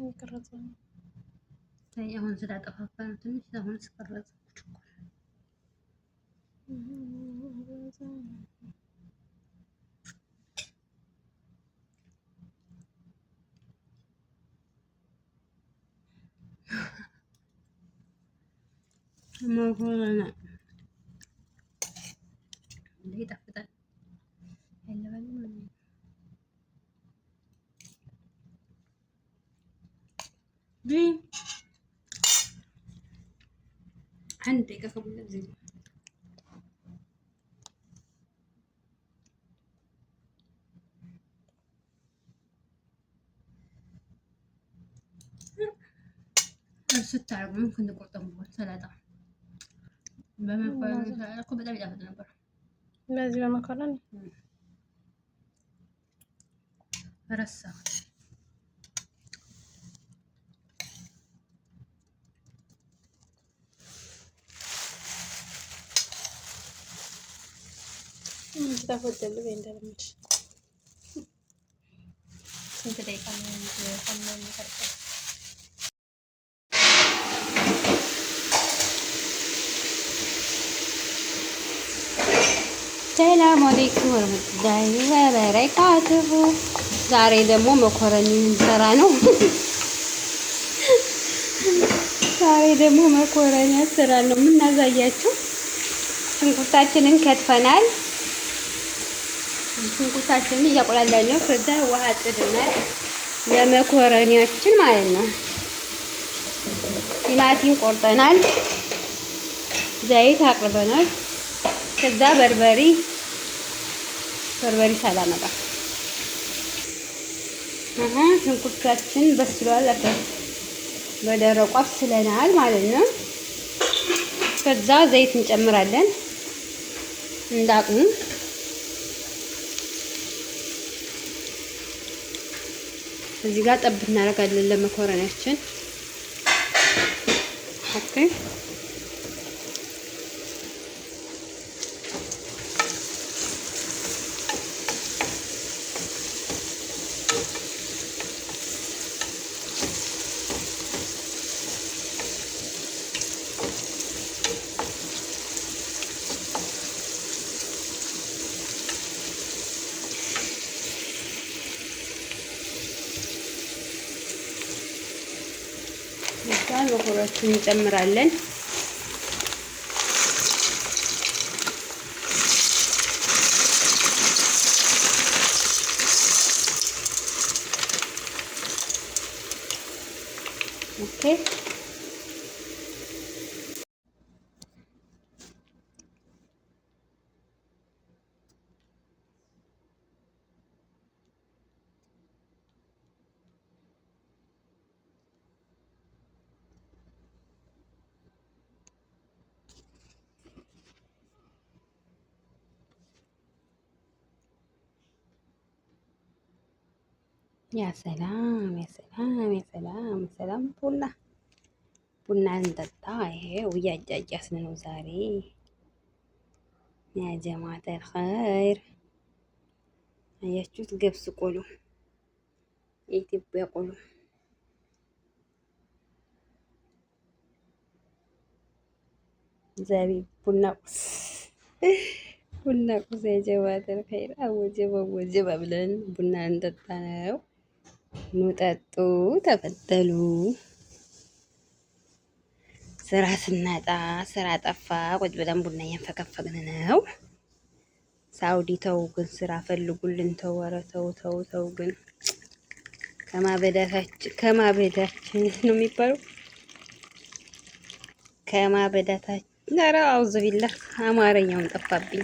እየቀረጸ ነው። አሁን ስላጠፋፋ ነው ትንሽ። አሁን ስቀረጽ መሆኑን دي عندي का सब जी ستة عرق ممكن نقول نبور ثلاثة بما كل بدأ بدأ نبور لازم مكرونة رسخت ተፈደልበ እንደለመድሽ ስንት ደቂቃ ነው? ሰላም አለይኩም ወረህመቱላሂ ወበረካቱሁ። ዛሬ ደግሞ መኮረኒ እንሰራ ነው። ዛሬ ደግሞ መኮረኒ እንሰራ ነው። ምን ሽንኩርታችንን ከትፈናል። ሽንኩርታችንን እያቆላላን ነው። ከዛ ውሃ ጥድናል ለመኮረኒያችን ማለት ነው። ቲማቲም ቆርጠናል። ዘይት አቅርበናል። ከዛ በርበሪ በርበሪ ሳላመጣ አሀ ሽንኩርታችን በስሏል። አፈ በደረቁ አብስለናል ማለት ነው። ከዛ ዘይት እንጨምራለን እንዳቅሙ እዚህ ጋር ጠብ እናደርጋለን ለመኮረናችን ኦኬ መኮረቱን እንጨምራለን። ኦኬ ያ ሰላም ያ ሰላም ያ ሰላም ሰላም ቡና ቡና እንጠጣ። ይሄው እያጫጫስን ነው ዛሬ ያ ጀማዓተል ኸይር። አያችሁት? ገብስ ቆሎ የኢትዮጵያ ቆሎ ዛሬ ቡና ቁስ ቡና ቁስ ያ ጀማዓተል ኸይር አወጀብ አወጀብ ብለን ቡና እንጠጣ ነው። ኑ ጠጡ፣ ተበደሉ። ስራ ስናጣ ስራ ጠፋ፣ ቁጭ ብለን ቡና እያንፈቀፈቅን ነው። ሳውዲ ተው ግን ስራ ፈልጉልን። ተው ኧረ ተው ተው ተው ግን ከማበዳታችን ከማበዳታችን ነው የሚባለው ከማበዳታችን። ኧረ አውዝ ቢላ አማርኛውን ጠፋብኝ።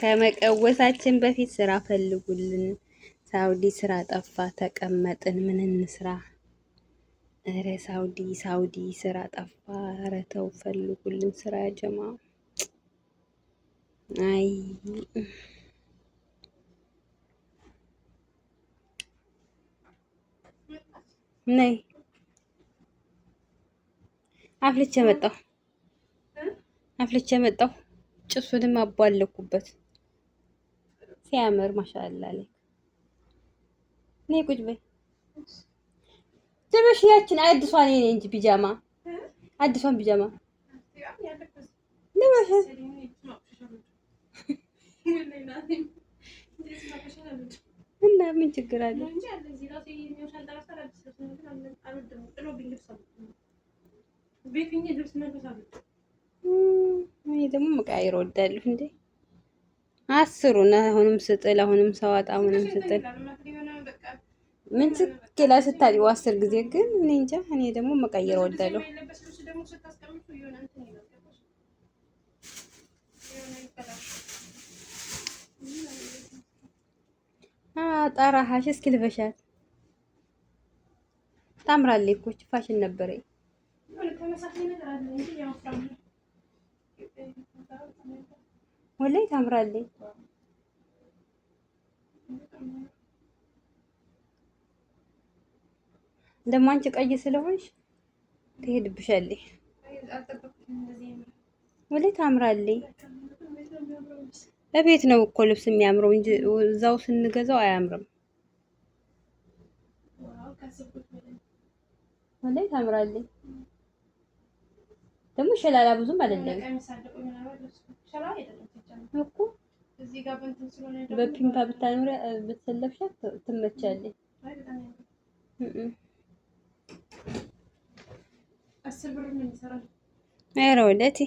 ከመቀወሳችን በፊት ስራ ፈልጉልን። ሳውዲ ስራ ጠፋ ተቀመጥን፣ ምን እንስራ? እረ ሳውዲ ሳውዲ ስራ ጠፋ። እረ ተው ፈልጉልን ስራ ጀማ። አይ ነይ አፍልቼ መጣሁ፣ አፍልቼ መጣሁ። ጭሱንም አቧለኩበት ሲያምር ማሻአላ ላይ ነይ ቁጭ በይ ትንሽ ያችን አዲሷን የኔ እንጂ ቢጃማ አዲሷን ቢጃማ ልበሽ። እና ምን ችግር አለ? እኔ ደግሞ መቃየር ወዳለሁ እንዴ አስሩን አሁንም ስጥል አሁንም ሰዋጣ አሁንም ስጥል ምን ትክክላ ስታዲው አስር ጊዜ ግን እኔ እንጃ። እኔ ደግሞ መቀየር ወዳለሁ። ጠራሃሽ እስኪ ልበሻት። ታምራለች እኮ ፋሽን ነበረኝ። ወላሂ ታምራለች። እንደማንቺ ቀይ ስለሆንሽ ትሄድብሻለሽ። ወዴት ታምራለች። ለቤት ነው እኮ ልብስ የሚያምረው እንጂ እዛው ስንገዛው አያምርም። ወዴት ታምራለች ደግሞ ሸላላ ብዙም አይደለም እኮ በፒምፓ ብታኖሪያ ብትሰለፍሻት ትመቻለች። ኧረ ወደቴ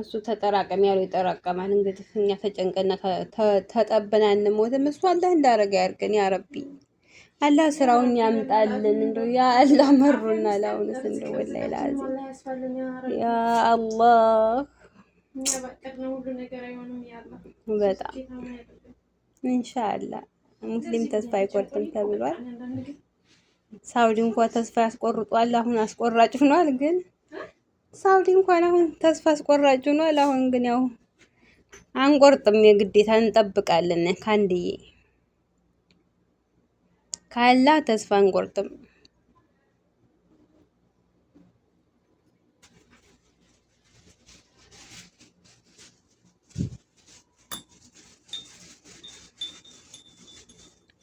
እሱ ተጠራቀም ያለው ይጠራቀማል። እንግዲህ እኛ ተጨንቀና ተጠብና እንሞትም። እሱ አላህ እንዳረገ ያርገን ያ አላህ ስራውን ያምጣልን። እንደው ያ አላህ መሩና ለአሁንስ እንደው ወላሂ ላዚ ያ አላህ በጣም ኢንሻአላህ ሙስሊም ተስፋ አይቆርጥም ተብሏል። ሳውዲ እንኳ ተስፋ ያስቆርጧል። አሁን አስቆራጭ ሆኗል። ግን ሳውዲ እንኳን አሁን ተስፋ አስቆራጭ ሆኗል። አሁን ግን ያው አንቆርጥም፣ የግዴታ እንጠብቃለን። ከአንድዬ ካላ ተስፋ አንቆርጥም።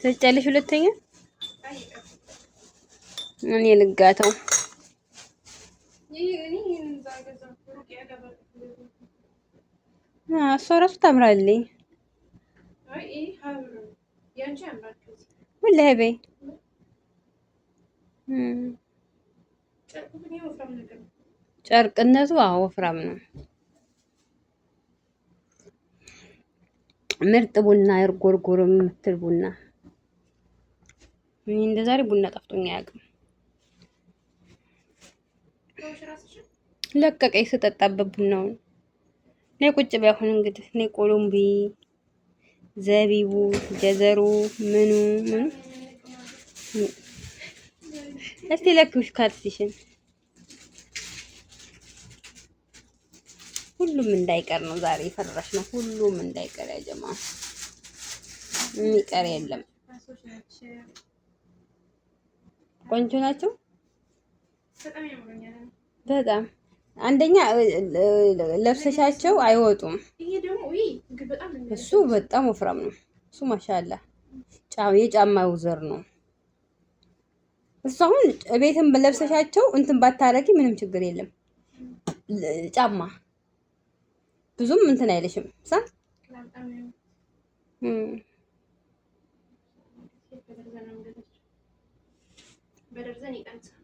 ትጨልሽ ሁለተኛ ምን ልጋተው እሷ እራሱ ታምራለኝ። ወላሂ በይ ጨርቅነቱ ወፍራም ነው። ምርጥ ቡና የርጎርጎር የምትል ቡና እኔ እንደ ዛሬ ቡና ጠፍቶኝ አያውቅም። ለቀቀኝ ስጠጣበት ቡናውን። ነይ ቁጭ በይ አሁን እንግዲህ ነይ ቆሎምቢ፣ ዘቢቡ፣ ጀዘሩ ምኑ ምኑ እስቲ ለኪውሽ ካልሲሽን ሁሉም እንዳይቀር ነው ዛሬ የፈራሽ ነው። ሁሉም እንዳይቀር ያጀማ የሚቀር የለም። ቆንጆ ናቸው በጣም አንደኛ ለብሰሻቸው አይወጡም። እሱ በጣም ወፍራም ነው። እሱ ማሻላ የጫማ ውዘር ነው እሱ። አሁን ቤትም ለብሰሻቸው እንትን ባታረጊ ምንም ችግር የለም። ጫማ ብዙም እንትን አይለሽም ሳ በደርዘን ይቀንሳል።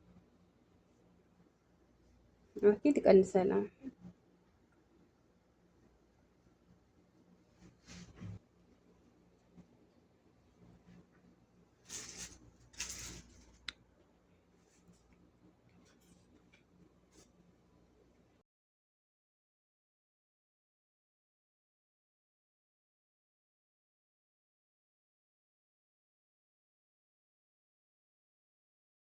ኦኬ ትቀንሳለህ